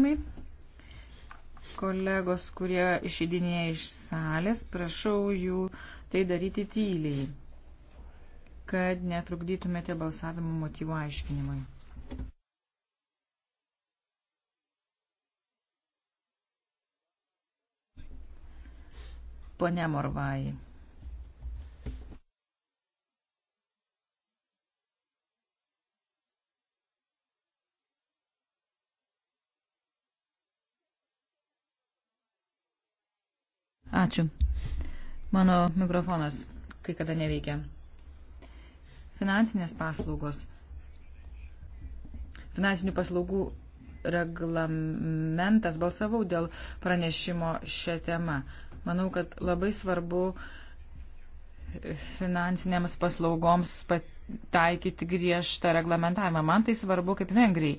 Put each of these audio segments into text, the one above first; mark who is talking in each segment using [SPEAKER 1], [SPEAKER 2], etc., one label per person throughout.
[SPEAKER 1] paaiškinimai. Kolegos, kurie išeidinėja iš salės, prašau jų tai daryti tyliai, kad netrukdytumėte balsavimo motyvo aiškinimui. Pone Morvai. Ačiū. Mano mikrofonas kai kada neveikia. Finansinės paslaugos. Finansinių paslaugų reglamentas balsavau dėl pranešimo šią temą. Manau, kad labai svarbu finansinėms paslaugoms taikyti griežtą reglamentavimą. Man tai svarbu kaip vengriai,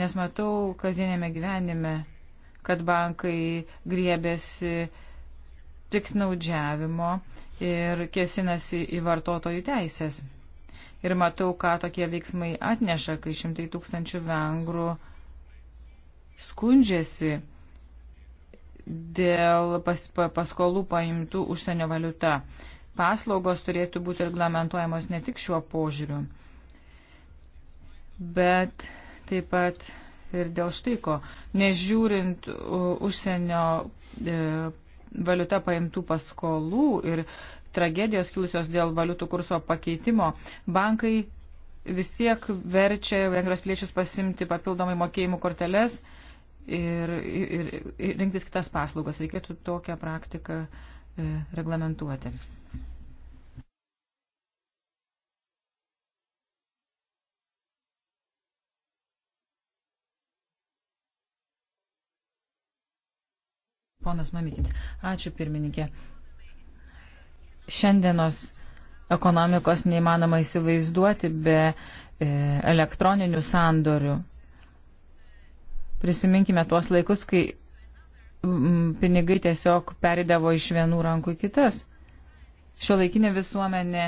[SPEAKER 1] nes matau kasdienėme gyvenime, kad bankai griebėsi piknaudžiavimo ir kėsinasi į vartotojų teisės. Ir matau, ką tokie veiksmai atneša, kai šimtai tūkstančių vengrų skundžiasi dėl pas, pa, paskolų paimtų užsienio valiuta. Paslaugos turėtų būti reglamentuojamos ne tik šiuo požiūriu, bet taip pat ir dėl štaiko, nežiūrint užsienio e, valiuta paimtų paskolų ir tragedijos kilusios dėl valiutų kurso pakeitimo, bankai vis tiek verčia vengrijos piliečius pasimti papildomai mokėjimų korteles ir, ir, ir rinktis kitas paslaugas. Reikėtų tokią praktiką e, reglamentuoti. Ponas Mamikins, ačiū pirmininkė. Šiandienos ekonomikos neįmanoma įsivaizduoti be e, elektroninių sandorių. Prisiminkime tuos laikus, kai pinigai tiesiog perėdavo iš vienų rankų į kitas. Šio laikinė visuomenė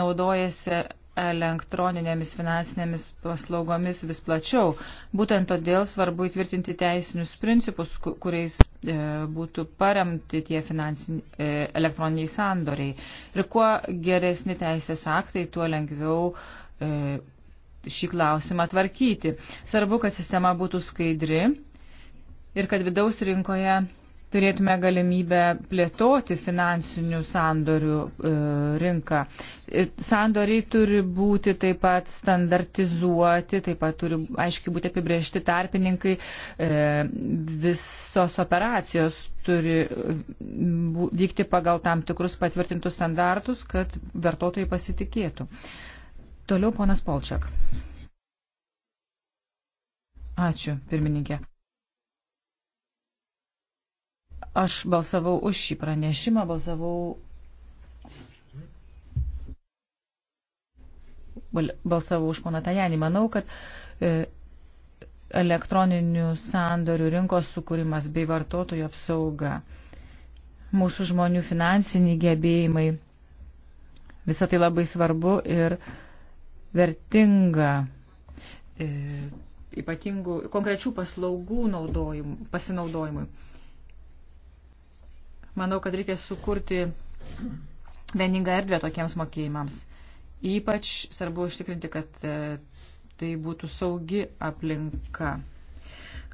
[SPEAKER 1] naudojasi elektroninėmis finansinėmis paslaugomis vis plačiau. Būtent todėl svarbu įtvirtinti teisinius principus, kuriais e, būtų paremti tie finansin, e, elektroniniai sandoriai. Ir kuo geresni teisės aktai, tuo lengviau e, šį klausimą tvarkyti. Svarbu, kad sistema būtų skaidri ir kad vidaus rinkoje turėtume galimybę plėtoti finansinių sandorių e, rinką. E, sandoriai turi būti taip pat standartizuoti, taip pat turi aiškiai būti apibriežti tarpininkai, e, visos operacijos turi vykti pagal tam tikrus patvirtintus standartus, kad vartotojai pasitikėtų. Toliau ponas Polčiak. Ačiū, pirmininkė. Aš balsavau už šį pranešimą, balsavau. Balsavau už poną Tajanį. Manau, kad e, elektroninių sandorių rinkos sukūrimas bei vartotojų apsauga, mūsų žmonių finansiniai gebėjimai, visa tai labai svarbu ir vertinga e, ypatingų konkrečių paslaugų pasinaudojimui. Manau, kad reikia sukurti vieningą erdvę tokiems mokėjimams. Ypač svarbu užtikrinti, kad e, tai būtų saugi aplinka.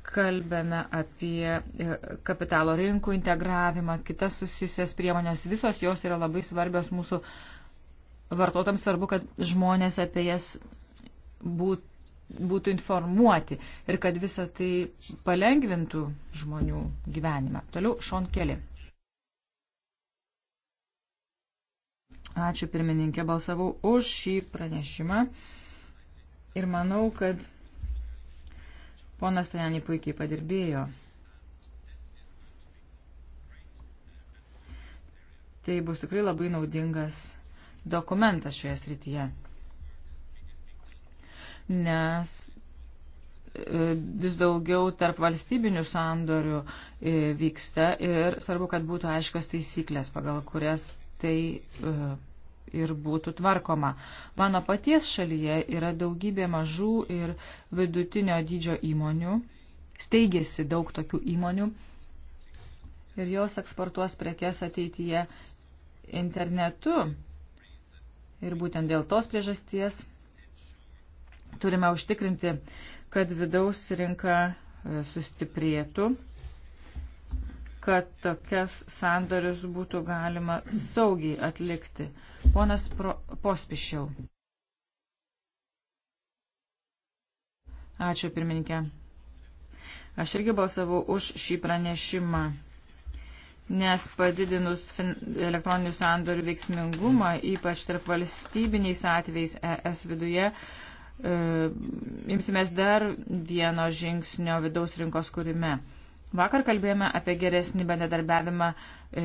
[SPEAKER 1] Kalbame apie e, kapitalo rinkų integravimą, kitas susijusias priemonės, visos jos yra labai svarbios mūsų vartotams, svarbu, kad žmonės apie jas būtų būtų informuoti ir kad visa tai palengvintų žmonių gyvenimą. Toliau Šon Keli. Ačiū pirmininkė, balsavau už šį pranešimą ir manau, kad ponas Tajani puikiai padirbėjo. Tai bus tikrai labai naudingas dokumentas šioje srityje, nes e, vis daugiau tarp valstybinių sandorių e, vyksta ir svarbu, kad būtų aiškios taisyklės, pagal kurias tai e, ir būtų tvarkoma. Mano paties šalyje yra daugybė mažų ir vidutinio dydžio įmonių, steigėsi daug tokių įmonių ir jos eksportuos prekes ateityje internetu. Ir būtent dėl tos priežasties turime užtikrinti, kad vidaus rinka e, sustiprėtų kad tokias sandorius būtų galima saugiai atlikti. Ponas Pro, Pospišiau. Ačiū, pirmininkė. Aš irgi balsavau už šį pranešimą, nes padidinus fin, elektroninių sandorių veiksmingumą, ypač tarp valstybiniais atvejais ES viduje, e, imsimės dar vieno žingsnio vidaus rinkos kūrime. E, Vakar kalbėjome apie geresnį bendradarbiavimą e,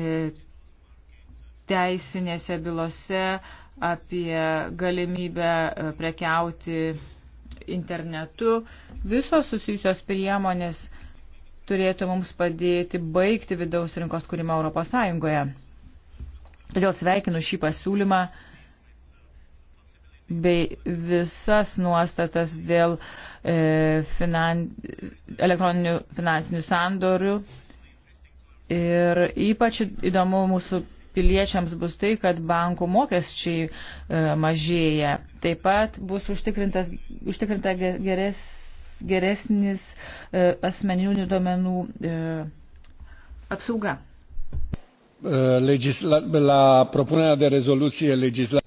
[SPEAKER 1] teisinėse bylose, apie galimybę e, prekiauti internetu. Visos susijusios priemonės turėtų mums padėti baigti vidaus rinkos kūrimą Europos Sąjungoje. Todėl sveikinu šį pasiūlymą bei visas nuostatas dėl e, finan, elektroninių finansinių sandorių. Ir ypač įdomu mūsų piliečiams bus tai, kad bankų mokesčiai e, mažėja. Taip pat bus užtikrinta geres, geresnis e, asmeninių duomenų e, apsauga.
[SPEAKER 2] E, legisla, la propunerea de rezoluție legislativă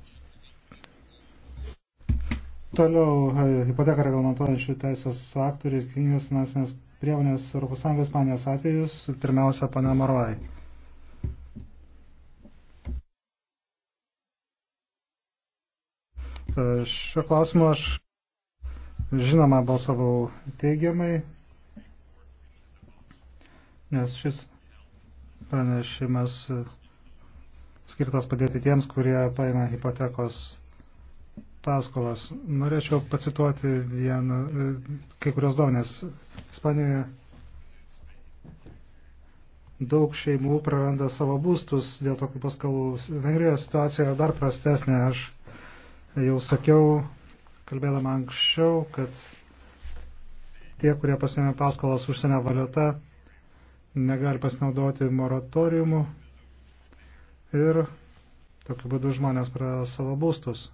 [SPEAKER 3] Toliau e, hipoteką reglamentuojančių teisės aktų ir kinijos finansinės priemonės ES Ispanijos atvejus, pirmiausia, pane Marojai. E, Šio klausimo aš žinoma balsavau teigiamai, nes šis pranešimas skirtas padėti tiems, kurie paina hipotekos paskolas. Norėčiau pacituoti vieną, e, kai kurios duomenės. Ispanijoje daug šeimų praranda savo būstus dėl tokių paskalų. Vengrijoje situacija yra dar prastesnė. Aš jau sakiau, kalbėdama anksčiau, kad tie, kurie pasiėmė paskolas užsienio valiuta, negali pasinaudoti moratoriumu ir tokiu būdu žmonės prarado savo būstus.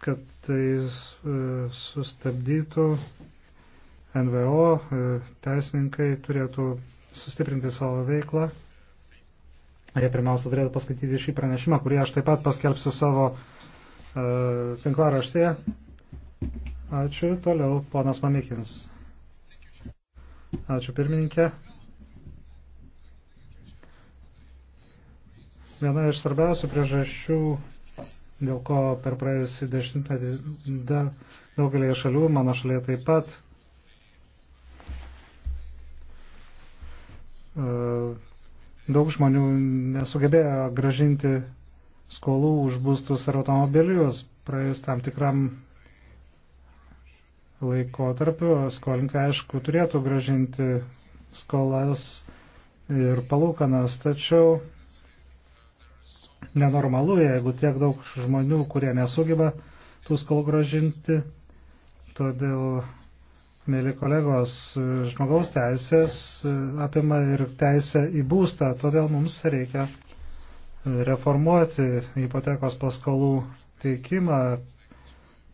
[SPEAKER 3] kad tai e, sustabdytų NVO, e, teisininkai turėtų sustiprinti savo veiklą. Jie pirmiausia turėtų paskaityti šį pranešimą, kurį aš taip pat paskelbsiu savo uh, e, tinklaraštėje. Ačiū. Toliau ponas Mamikins. Ačiū pirmininkė. Viena iš svarbiausių priežasčių dėl ko per praėjusį dešimtmetį dar daugelėje šalių, mano šalyje taip pat, e, daug žmonių nesugebėjo gražinti skolų už būstus ar automobilius. Praėjus tam tikram laikotarpiu skolinkai aišku turėtų gražinti skolas ir palūkanas, tačiau nenormalu, jeigu tiek daug žmonių, kurie nesugeba tų skolų gražinti. Todėl, mėly kolegos, žmogaus teisės e, apima ir teisę į būstą, todėl mums reikia e, reformuoti ipotekos paskolų teikimą,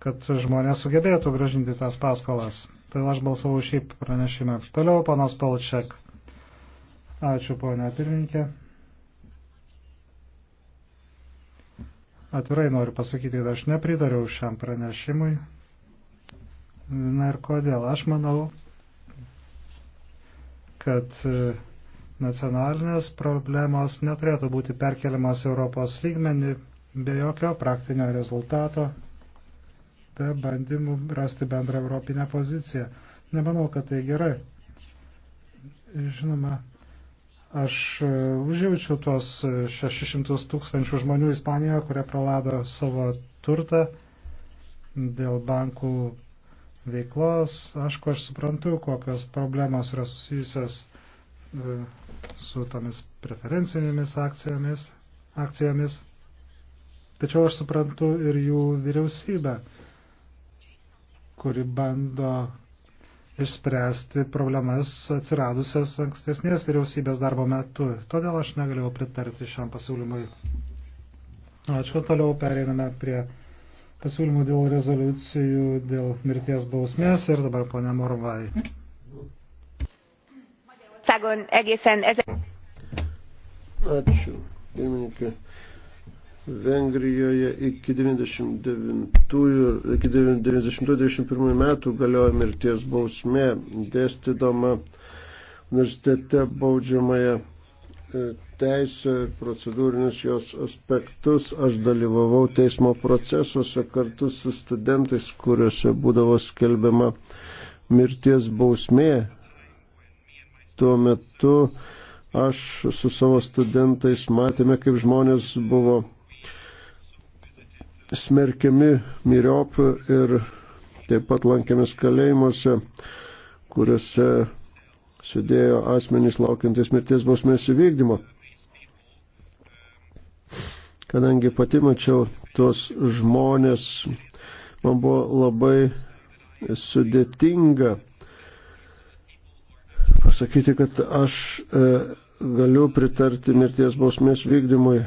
[SPEAKER 3] kad žmonės sugebėtų gražinti tas paskolas. Todėl tai aš balsavau šį pranešimą. Toliau panas Palčiak. Ačiū, ponia pirmininkė. atvirai noriu pasakyti, kad aš nepritariau šiam pranešimui. Na ir kodėl? Aš manau, kad e, nacionalinės problemos neturėtų būti perkeliamas Europos lygmenį be jokio praktinio rezultato, be bandymų rasti bendrą europinę poziciją. Nemanau, kad tai gerai. Žinoma, Aš e, užjaučiu tuos 600 e, tūkstančių žmonių Ispanijoje, kurie pralado savo turtą dėl bankų veiklos. Aišku, aš suprantu, kokios problemos yra susijusios e, su tomis preferencinėmis akcijomis, akcijomis. Tačiau aš suprantu ir jų vyriausybę, kuri bando išspręsti problemas atsiradusias ankstesnės vyriausybės darbo metu. Todėl aš negalėjau pritarti šiam pasiūlymui. Ačiū, toliau pereiname prie pasiūlymų dėl rezoliucijų, dėl mirties bausmės ir dabar ponia Morvai. Ačiū, pirmininkė.
[SPEAKER 2] Vengrijoje iki 90-91 metų galiojo mirties bausmė, dėstydama universitete baudžiamąją e, teisę, procedūrinius jos aspektus. Aš dalyvavau teismo procesuose kartu su studentais, kuriuose būdavo skelbiama mirties bausmė. Tuo metu aš su savo studentais matėme, kaip žmonės buvo smerkiami myriop ir taip pat lankėmės kalėjimuose, kuriuose sėdėjo asmenys laukiantis mirties bausmės įvykdymo. Kadangi pati mačiau tuos žmonės, man buvo labai sudėtinga pasakyti, kad aš e, galiu pritarti mirties bausmės vykdymui.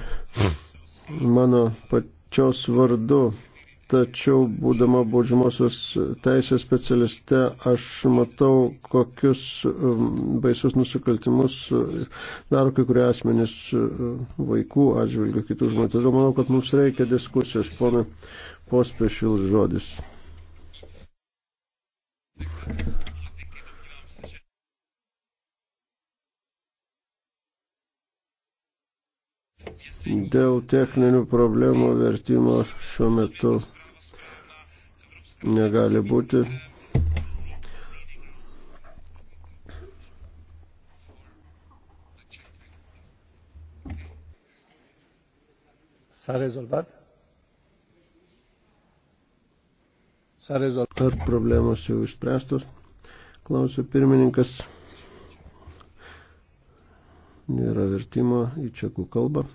[SPEAKER 2] Mano pat, čios vardu, tačiau būdama baudžiamosios teisės specialiste aš matau, kokius um, baisus nusikaltimus uh, daro kai kurie asmenys uh, vaikų atžvilgių kitų žmonių. Todėl manau, kad mums reikia diskusijos, ponai, pospešil žodis. Dėl techninių problemų vertimo šiuo metu negali būti. S-a rezolvat? S-a rezolvat. Ar problemos jau išspręstos? Klausė pirmininkas. Nėra vertimo į čekų kalbą.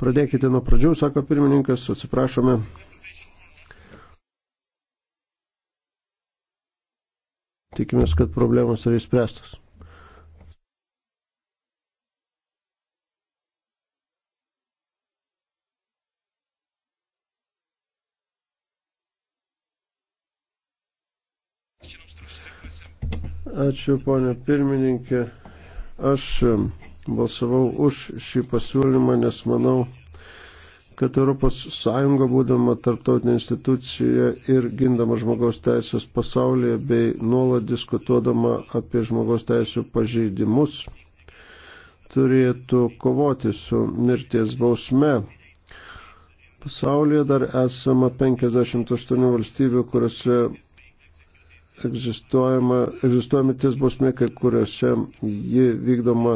[SPEAKER 2] Pradėkite nuo pradžių, sako pirmininkas, atsiprašome. Tikimės, kad problemos yra įspręstas. Ačiū, ponė pirmininkė. Aš balsavau už šį pasiūlymą, nes manau, kad ES būdama tarptautinė institucija ir gindama žmogaus teisės pasaulyje bei nuolat diskutuodama apie žmogaus teisų pažeidimus turėtų kovoti su mirties bausme. Pasaulyje dar esama 58 valstybių, kuriuose egzistuojami ties bausmė, kai kuriuose ji vykdoma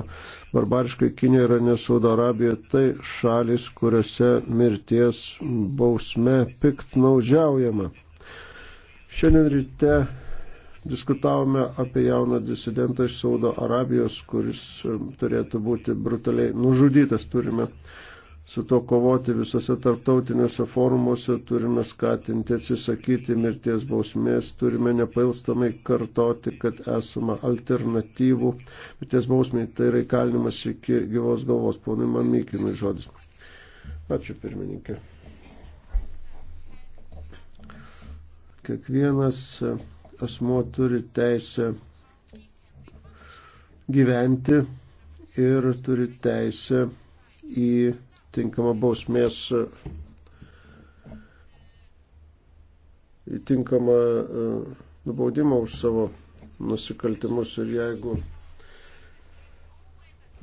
[SPEAKER 2] barbariškai Kinė, Iranė, Saudo Arabija, tai šalis, kuriuose mirties bausmė piktnaudžiaujama. Šiandien ryte diskutavome apie jauną disidentą iš Saudo Arabijos, kuris um, turėtų būti brutaliai nužudytas. Turime su to kovoti visose tarptautiniuose forumuose, turime skatinti atsisakyti mirties bausmės, turime nepailstamai kartoti, kad esama alternatyvų mirties bausmiai, tai yra įkalinimas iki gyvos galvos, ponai Mamykinui žodis. Ačiū pirmininkė. Kiekvienas asmo turi teisę gyventi ir turi teisę į tinkama bausmės, įtinkama e, nubaudimą už savo nusikaltimus ir jeigu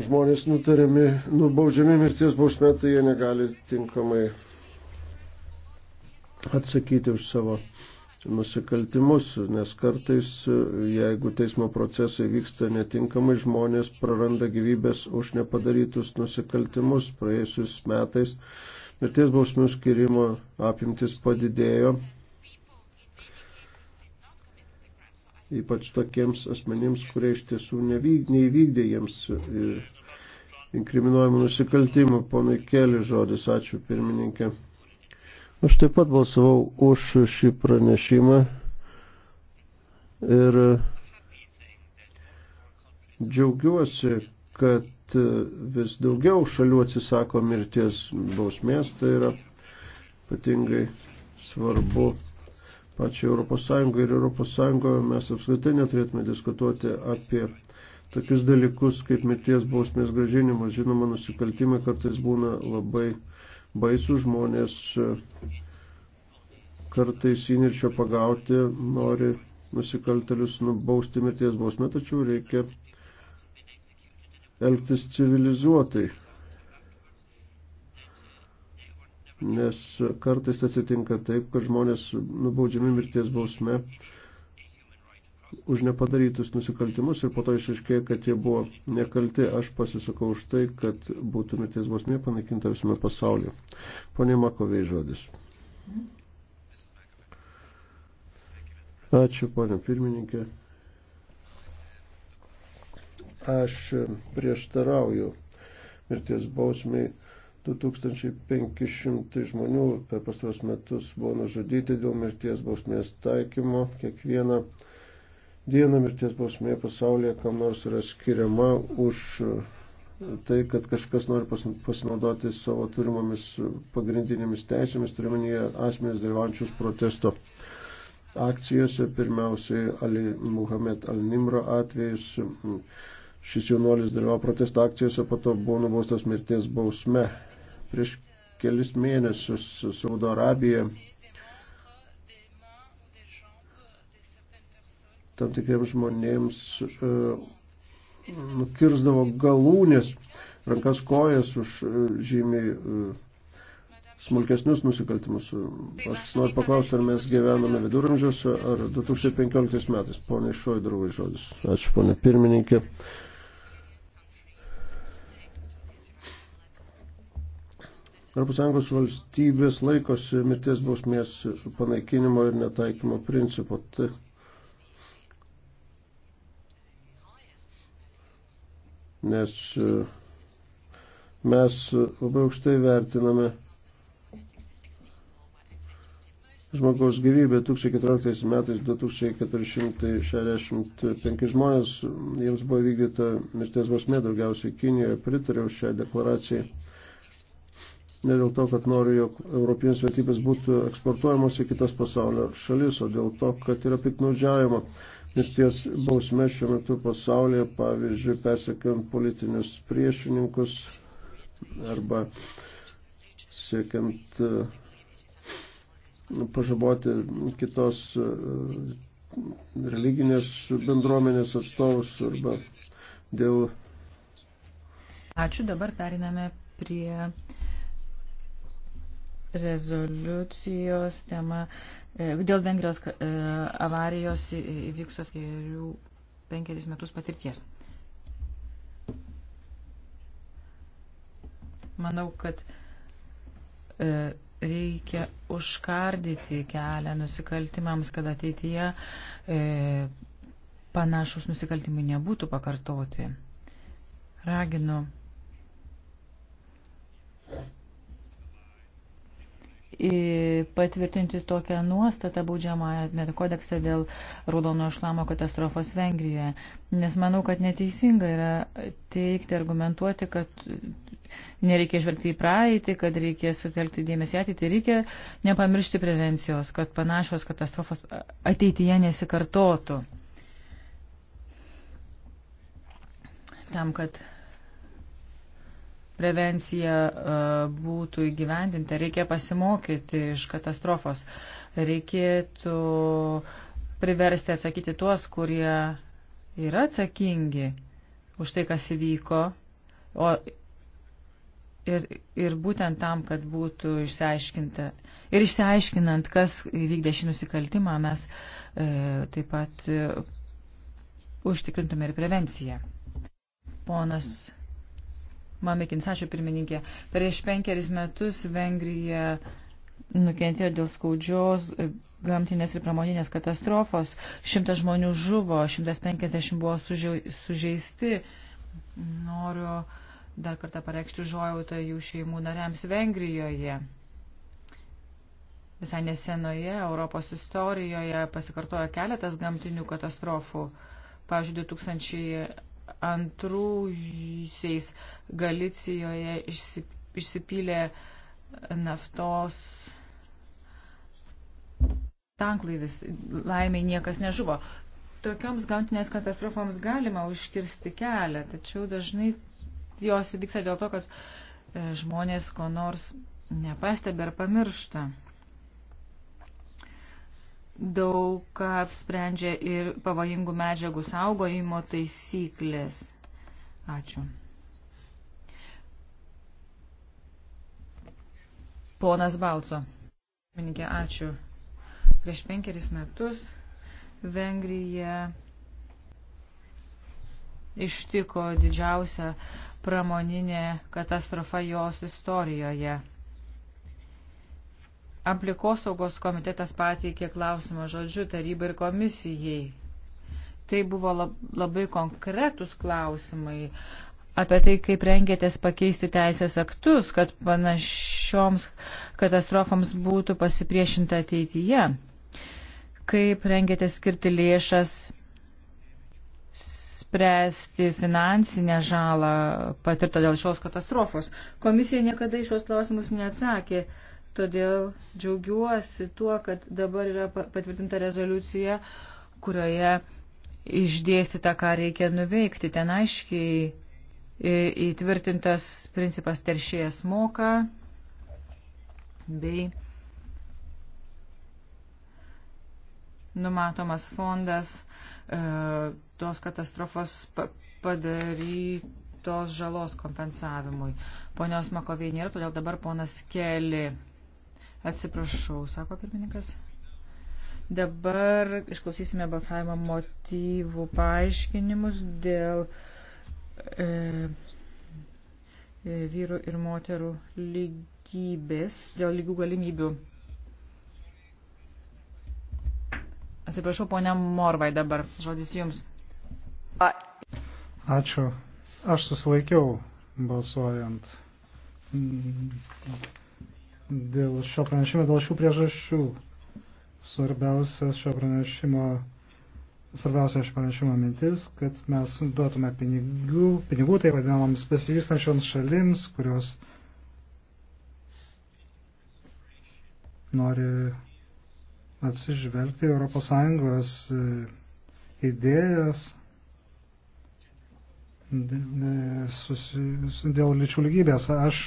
[SPEAKER 2] žmonės nutariami, nubaudžiami mirties bausmė, tai jie negali tinkamai atsakyti už savo nusikaltimus, nes kartais, jeigu teismo procesai vyksta netinkamai, žmonės praranda gyvybės už nepadarytus nusikaltimus. Praėjusius metais mirties bausmių skirimo apimtis padidėjo, ypač tokiems asmenims, kurie iš tiesų neįvykdė jiems e, inkriminuojamų nusikaltimų. Ponai Keli žodis, ačiū pirmininkė. Aš taip pat balsavau už šį pranešimą ir džiaugiuosi, kad vis daugiau šalių atsisako mirties bausmės, tai yra ypatingai svarbu pačiai Europos Sąjungai ir Europos Sąjungoje mes apskritai neturėtume diskutuoti apie tokius dalykus kaip mirties bausmės gražinimas. Žinoma, nusikaltimai kartais būna labai baisų žmonės e, kartais įniršio pagauti, nori nusikaltelius nubausti mirties bausmę, tačiau reikia elgtis civilizuotai. Nes kartais atsitinka taip, kad žmonės nubaudžiami mirties bausme už nepadarytus nusikaltimus ir po to išaiškėjo, kad jie buvo nekalti. Aš pasisakau už tai, kad būtų mirties bausmė panaikinta visame pasaulyje. Pone Makovei žodis. Ačiū, ponė pirmininkė. Aš prieštarauju mirties bausmiai. 2500 žmonių per pastaros metus buvo nužudyti dėl mirties bausmės taikymo. Kiekvieną dieną mirties bausmė pasaulyje kam nors yra skiriama už e, tai, kad kažkas nori pasinaudoti savo turimomis pagrindinėmis teisėmis, turiminėje asmenys dalyvančius protesto akcijose, pirmiausiai Ali Muhammad Al-Nimro atvejais. Šis jaunuolis dalyvavo protesto akcijose, po to buvo nubaustas mirties bausme. Prieš kelis mėnesius Saudo Arabija tam tikriems žmonėms e, nukirzdavo galūnės, rankas kojas už e, žymiai e, smulkesnius nusikaltimus. Aš noriu paklausti, ar mes gyvename viduramžiuose ar 2015 metais. Pone Šoidrovai žodis. Ačiū, pone pirmininkė. Europos Sąjungos valstybės laikosi mirties bausmės panaikinimo ir netaikymo principo. Tai nes e, mes labai aukštai vertiname žmogaus gyvybė 2014 metais 2465 žmonės, jiems buvo vykdyta mirties bausmė daugiausiai Kinijoje, pritariau šią deklaraciją. Ne dėl to, kad noriu, jog europinės vertybės būtų eksportuojamos į kitas pasaulio šalis, o dėl to, kad yra piknaudžiavimo mirties bausme šiuo metu pasaulyje, pavyzdžiui, persekiant politinius priešininkus arba siekiant e, pažaboti kitos e, religinės bendruomenės atstovus arba dėl.
[SPEAKER 1] Ačiū, dabar periname prie rezoliucijos tema E, dėl Vengrijos e, avarijos įvyksos gerių penkeris metus patirties. Manau, kad e, reikia užkardyti kelią nusikaltimams, kad ateityje panašus nusikaltimai nebūtų pakartoti. Raginu į patvirtinti tokią nuostatą baudžiamąją kodeksą dėl raudono šlamo katastrofos Vengrijoje. Nes manau, kad neteisinga yra teikti, argumentuoti, kad nereikia žvelgti į praeitį, kad reikia sutelkti dėmesį ateitį, reikia nepamiršti prevencijos, kad panašios katastrofos ateityje nesikartotų. Tam, kad prevencija e, būtų įgyvendinta, reikia pasimokyti iš katastrofos. Reikėtų priversti atsakyti tuos, kurie yra atsakingi už tai, kas įvyko. O ir, ir būtent tam, kad būtų išsiaiškinta. Ir išsiaiškinant, kas įvykdė šį nusikaltimą, mes e, taip pat e, užtikrintume ir prevenciją. Ponas Mamikins, ačiū pirmininkė. Prieš penkeris metus Vengrija nukentėjo dėl skaudžios e, gamtinės ir pramoninės katastrofos. Šimtas žmonių žuvo, 150 buvo sužeisti. Noriu dar kartą pareikšti žuojautą jų šeimų nariams Vengrijoje. Visai nesenoje Europos istorijoje pasikartojo keletas gamtinių katastrofų. Pavyzdžiui, 2000 antrųjais Galicijoje išsipylė naftos tanklaivis. Laimiai niekas nežuvo. Tokioms gamtinės katastrofoms galima užkirsti kelią, tačiau dažnai jos įvyksta dėl to, kad e, žmonės ko nors nepastebė ir pamiršta daug ką apsprendžia ir pavojingų medžiagų saugojimo taisyklės. Ačiū. Ponas Balco. Mininkė, ačiū. Prieš penkeris metus Vengrija ištiko didžiausia pramoninė katastrofa jos istorijoje. Aplikosaugos komitetas pateikė klausimą žodžiu tarybai ir komisijai. Tai buvo labai konkretus klausimai apie tai, kaip rengėtės pakeisti teisės aktus, kad panašioms katastrofoms būtų pasipriešinta ateityje. Kaip rengėtės skirti lėšas spręsti finansinę žalą patirtą dėl šios katastrofos. Komisija niekada iš šios klausimus neatsakė. Todėl džiaugiuosi tuo, kad dabar yra patvirtinta rezoliucija, kurioje išdėstyta, ką reikia nuveikti. Ten aiškiai e, įtvirtintas principas teršėjas moka bei numatomas fondas e, tos katastrofos padarytos žalos kompensavimui. Ponios Makovė nėra, todėl dabar ponas Keli. Atsiprašau, sako pirmininkas. Dabar išklausysime balsavimo motyvų paaiškinimus dėl e, e, vyrų ir moterų lygybės, dėl lygių galimybių. Atsiprašau, ponia Morvai dabar, žodis jums.
[SPEAKER 3] Ačiū. Aš susilaikiau balsuojant dėl šio pranešimo, dėl šių priežasčių. Svarbiausias šio pranešimo, svarbiausia šio pranešimo mintis, kad mes duotume pinigų, pinigų tai vadinamams besivystančioms šalims, kurios nori atsižvelgti ES e, idėjas dėl lyčių lygybės. Aš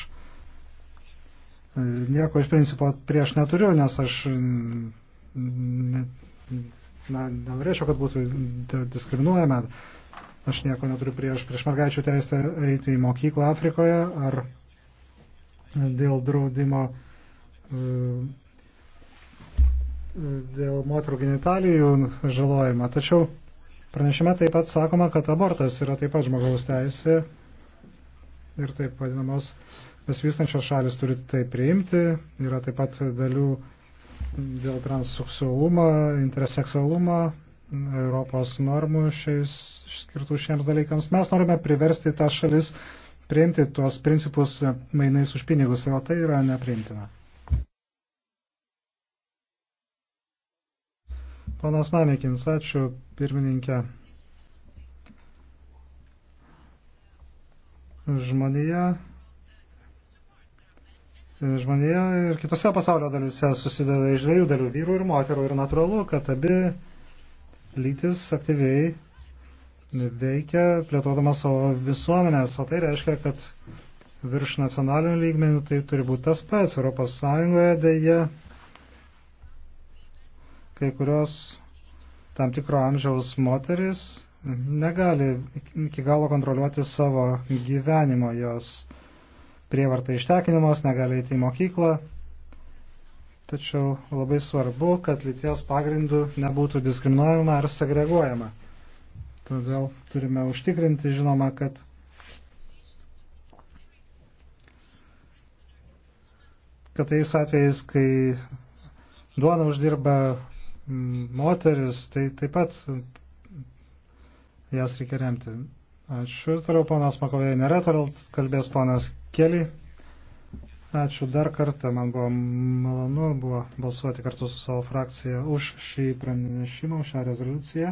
[SPEAKER 3] Nieko iš principo prieš neturiu, nes aš mm, ne, na, nenorėčiau, kad būtų diskriminuojama. Aš nieko neturiu prieš, prieš mergaičių teisę eiti į mokyklą Afrikoje ar dėl draudimo e, dėl moterų genitalijų žalojimą. Tačiau pranešime taip pat sakoma, kad abortas yra taip pat žmogaus teisė ir taip vadinamos Besivystančios šalis turi tai priimti. Yra taip pat dalių dėl transseksualumo, interseksualumo, Europos normų šiais, skirtų šiems dalykams. Mes norime priversti tą šalis priimti tuos principus mainais už pinigus, o tai yra nepriimtina. Ponas Mamikins, ačiū pirmininkė. Žmonija Žmonija ir kitose pasaulio dalise susideda iš dviejų dalių - vyrų ir moterų. Ir natūralu, kad abi lytis aktyviai veikia plėtodamas savo visuomenės. O tai reiškia, kad virš nacionalinių lygmenių tai turi būti tas pats. Europos Sąjungoje dėja kai kurios tam tikro amžiaus moteris negali iki galo kontroliuoti savo gyvenimo jos prievartai ištekinimas, negali eiti į mokyklą. Tačiau labai svarbu, kad lyties pagrindų nebūtų diskriminuojama ar segreguojama. Todėl turime užtikrinti, žinoma, kad kad tais atvejais, kai duona uždirba moteris, tai taip pat jas reikia remti. Ačiū, toliau ponas Makovėjai nėra, toliau kalbės ponas Keli. Ačiū dar kartą, man buvo malonu buvo balsuoti kartu su savo frakcija už šį pranešimą, už šią rezoliuciją.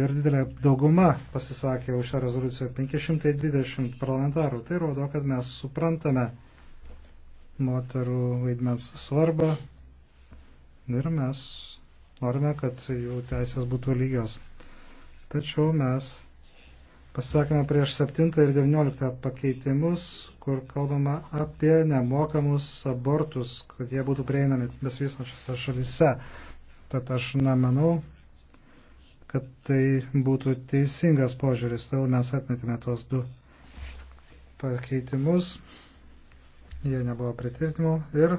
[SPEAKER 3] Ir didelė dauguma pasisakė už šią rezoliuciją 520 parlamentarų. Tai rodo, kad mes suprantame moterų vaidmens svarbą ir mes norime, kad jų teisės būtų lygios. Tačiau mes pasisakymą prieš 7 ir 19 pakeitimus, kur kalbama apie nemokamus abortus, kad jie būtų prieinami besvysnačiose šalise. Tad aš nemanau, kad tai būtų teisingas požiūris, todėl mes atmetėme tuos du pakeitimus, jie nebuvo pritvirtinimų ir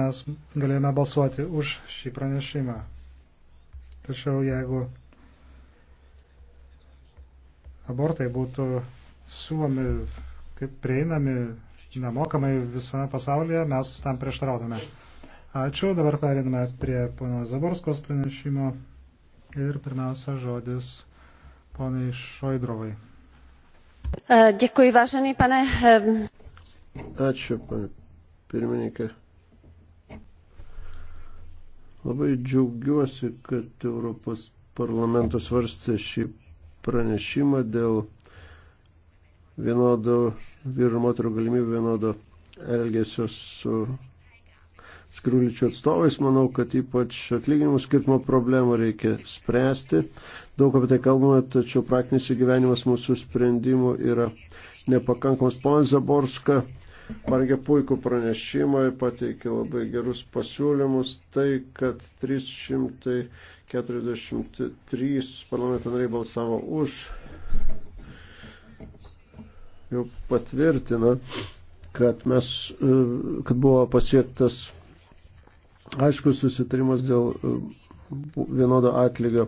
[SPEAKER 3] mes galėjome balsuoti už šį pranešimą. Tačiau jeigu abortai būtų siūlomi kaip prieinami nemokamai visame pasaulyje, mes tam prieštarautume. Ačiū, dabar periname prie pono Zaborskos pranešimo ir pirmiausia žodis poniai Šoidrovai.
[SPEAKER 2] E, dėkui, važinai, pane. E, Ačiū, pane pirmininkė. Labai džiaugiuosi, kad Europos parlamentas varstė šį pranešimą dėl vienodo vyrų ir moterų galimybių vienodo elgesio su skirųlyčių atstovais. Manau, kad ypač atlyginimų skirtimo problemų reikia spręsti. Daug apie tai kalbame, tačiau praktinis įgyvenimas mūsų sprendimų yra nepakankamas. Pana Zaborska parengė puikų pranešimą, pateikė labai gerus pasiūlymus. Tai, kad 343 parlamento nariai balsavo už, jau patvirtina, kad, mes, e, kad buvo pasiektas aiškus susitarimas dėl e, vienodo atlygio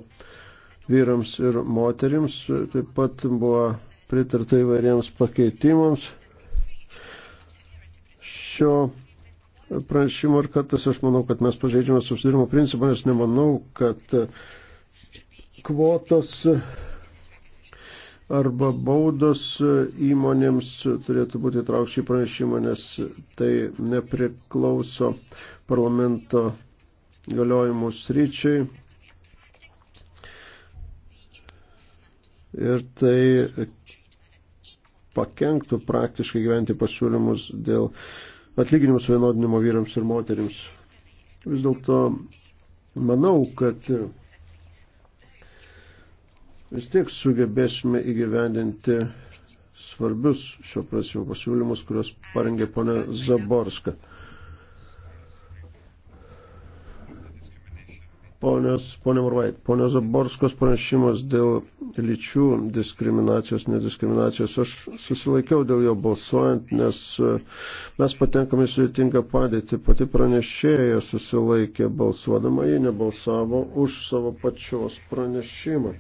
[SPEAKER 2] vyrams ir moterims. Taip pat buvo pritarta įvairiems pakeitimams šio pranešimo ir kartais aš manau, kad mes pažeidžiame susidarimo principą, nes nemanau, kad kvotos arba baudos įmonėms turėtų būti įtraukti į pranešimą, nes tai nepriklauso parlamento galiojimų sryčiai. Ir tai pakenktų praktiškai gyventi pasiūlymus dėl uh, atlyginimų suvienodinimo vyrams ir moterims. Vis dėlto manau, kad vis tiek sugebėsime įgyvendinti svarbius šio prasimo pasiūlymus, kuriuos parengė pone Zaborska. Ponios, ponė Morvait, ponios Zaborskos pranešimas dėl lyčių diskriminacijos, nediskriminacijos. Aš susilaikiau dėl jo balsuojant, nes e, mes patenkame į sudėtingą padėtį. Pati pranešėja susilaikė balsuodama, ji nebalsavo už savo pačios pranešimą.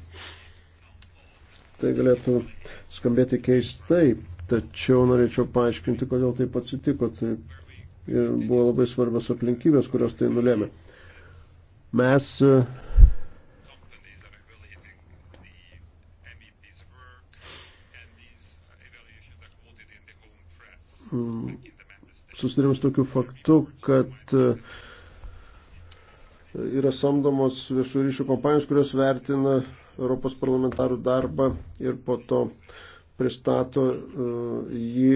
[SPEAKER 2] Tai galėtų skambėti keistai, tačiau norėčiau paaiškinti, kodėl taip atsitiko. Tai buvo labai svarbios aplinkybės, kurios tai nulėmė. Mes e, mm. susidurėm su tokiu faktu, kad e, yra samdomos viešų ryšių kompanijos, kurios vertina Europos parlamentarų darbą ir po to pristato e, jį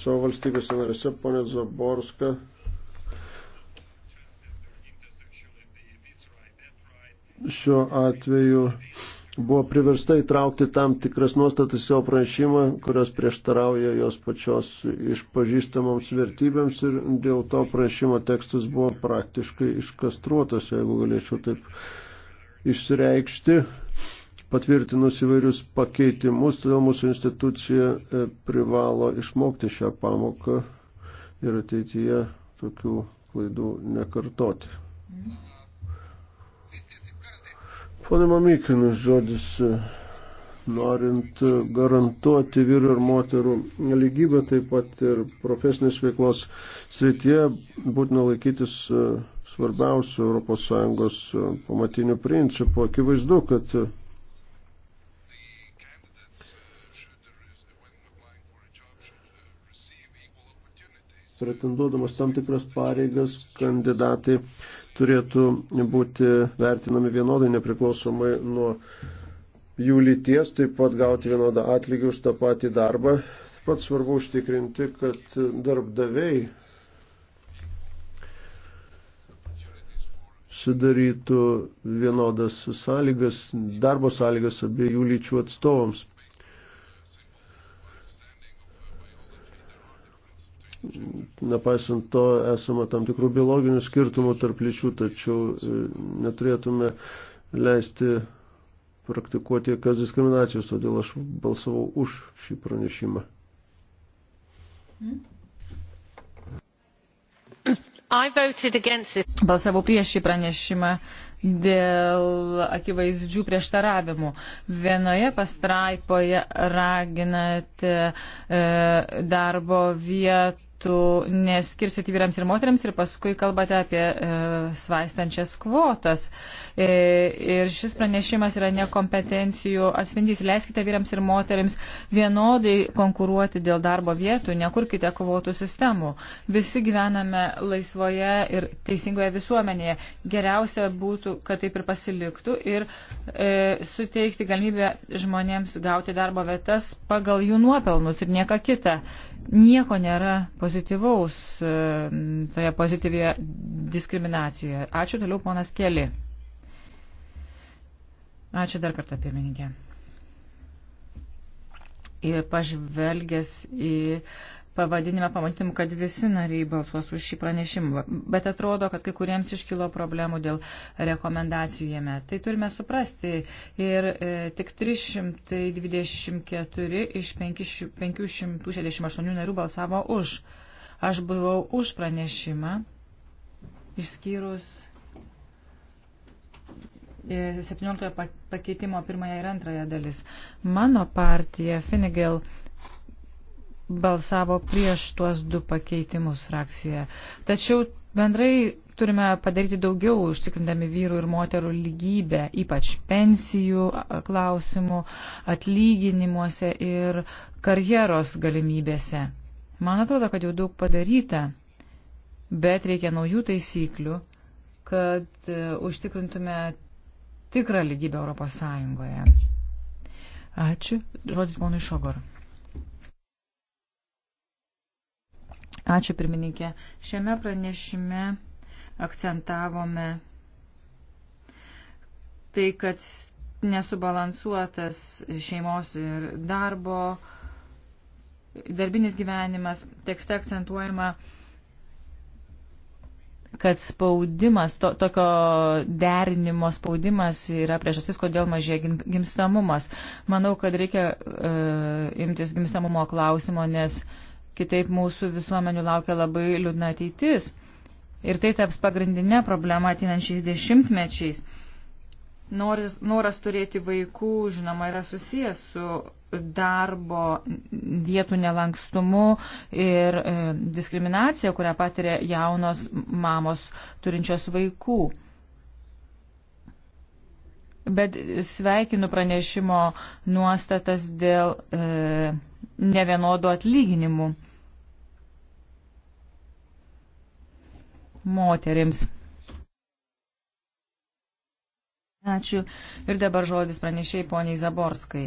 [SPEAKER 2] savo valstybės narėse, ponė Zaborska, šiuo atveju buvo priversta įtraukti tam tikras nuostatas savo pranešimą, kurios prieštarauja jos pačios išpažįstamoms vertybėms ir dėl to pranešimo tekstas buvo praktiškai iškastruotas, jeigu galėčiau taip išsireikšti patvirtinus įvairius pakeitimus, todėl mūsų institucija e, privalo išmokti šią pamoką ir ateityje tokių klaidų nekartoti. Mm. Pone Mamykinus, žodis, e, norint garantuoti vyrų ir moterų lygybę, taip pat ir profesinės veiklos srityje, būtina laikytis e, svarbiausių ES e, pamatinių principų. Akivaizdu, kad pretenduodamas tam tikras pareigas kandidatai turėtų būti vertinami vienodai nepriklausomai nuo jų lyties, taip pat gauti vienodą atlygį už tą patį darbą. Taip pat svarbu užtikrinti, kad darbdaviai sudarytų vienodas sąlygas, darbo sąlygas abiejų lyčių atstovams. Nepaisant to, esama tam tikrų biologinių skirtumų tarp lyčių, tačiau e, neturėtume leisti praktikuoti jokios diskriminacijos, todėl aš balsavau už šį pranešimą.
[SPEAKER 1] Balsavau prieš šį pranešimą dėl akivaizdžių prieštaravimų. Vienoje pastraipoje raginate e, darbo vietų kvotų neskirsit vyrams ir moteriams ir paskui kalbate apie e, svaistančias kvotas. E, ir šis pranešimas yra nekompetencijų atspindys. Leiskite vyrams ir moteriams vienodai konkuruoti dėl darbo vietų, nekurkite kvotų sistemų. Visi gyvename laisvoje ir teisingoje visuomenėje. Geriausia būtų, kad taip ir pasiliktų ir e, suteikti galimybę žmonėms gauti darbo vietas pagal jų nuopelnus ir nieka kita. Nieko nėra pozityvaus e, toje pozityvėje diskriminacijoje. Ačiū toliau, ponas Keli. Ačiū dar kartą, pirmininkė. Ir pažvelgęs į pavadinimą pamatytum, kad visi nariai balsuos už šį pranešimą, bet atrodo, kad kai kuriems iškilo problemų dėl rekomendacijų jame. Tai turime suprasti ir e, tik 324 iš 568 narių balsavo už. Aš buvau už pranešimą, išskyrus 17 e, pakeitimo pirmąją ir antrąją dalis. Mano partija Finigel balsavo prieš tuos du pakeitimus frakcijoje. Tačiau bendrai turime padaryti daugiau, užtikrindami vyrų ir moterų lygybę, ypač pensijų klausimų, atlyginimuose ir karjeros galimybėse. Man atrodo, kad jau daug padaryta, bet reikia naujų taisyklių, kad e, užtikrintume tikrą lygybę Europos Sąjungoje. Ačiū. Žodis ponui Šogor. Ačiū pirmininkė. Šiame pranešime akcentavome tai, kad nesubalansuotas šeimos ir darbo uh, darbinis gyvenimas, tekste akcentuojama, kad spaudimas, to, tokio derinimo spaudimas yra priežastis, kodėl mažėja gimstamumas. Manau, kad reikia e, imtis gimstamumo klausimo, nes kitaip mūsų visuomenių laukia labai liūdna ateitis. Ir tai taps pagrindinė problema ateinančiais dešimtmečiais noris, noras turėti vaikų, žinoma, yra susijęs su darbo vietų nelankstumu ir e, diskriminacija, kurią patiria jaunos mamos turinčios vaikų. Bet sveikinu pranešimo nuostatas dėl e, nevienodų atlyginimų moterims. Ačiū. Ir dabar žodis pranešiai poniai Zaborskai.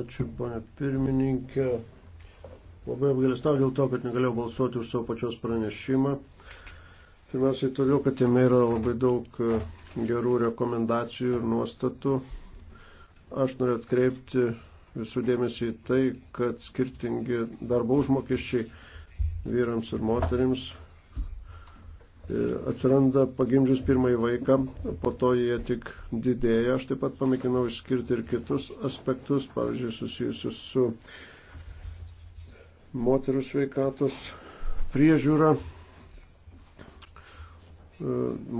[SPEAKER 2] Ačiū, ponia pirmininkė. Labai apgalėstau dėl to, kad negalėjau balsuoti už savo pačios pranešimą. Pirmiausiai todėl, kad jame yra labai daug e, gerų rekomendacijų ir nuostatų. Aš noriu atkreipti visų dėmesį į tai, kad skirtingi darbo užmokesčiai vyrams ir moterims E, atsiranda pagimdžius pirmąjį vaiką, po to jie tik didėja. Aš taip pat pamėginau išskirti ir kitus aspektus, pavyzdžiui, susijusius su moterų sveikatos priežiūra. E,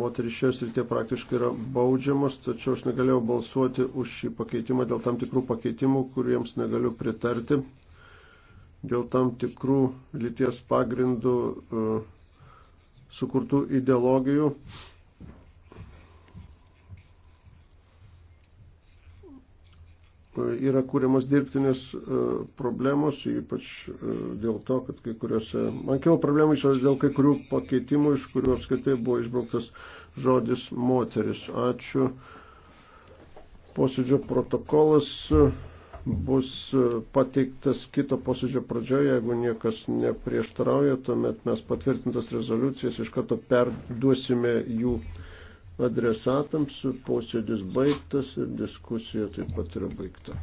[SPEAKER 2] Moteris šios ir tie praktiškai yra baudžiamos, tačiau aš negalėjau balsuoti už šį pakeitimą dėl tam tikrų pakeitimų, kuriems negaliu pritarti. Dėl tam tikrų lyties pagrindų uh, sukurtų ideologijų. Yra kūriamos dirbtinės e, problemos, ypač e, dėl to, kad kai kuriuose, man kilo problemų iš dėl kai kurių pakeitimų, iš kurių apskaitai buvo išbrauktas žodis moteris. Ačiū. Posėdžio protokolas bus e, pateiktas kito posėdžio pradžioje, jeigu niekas neprieštarauja, tuomet mes patvirtintas rezoliucijas iš karto perduosime jų adresatams, posėdis baigtas ir diskusija taip pat yra baigta.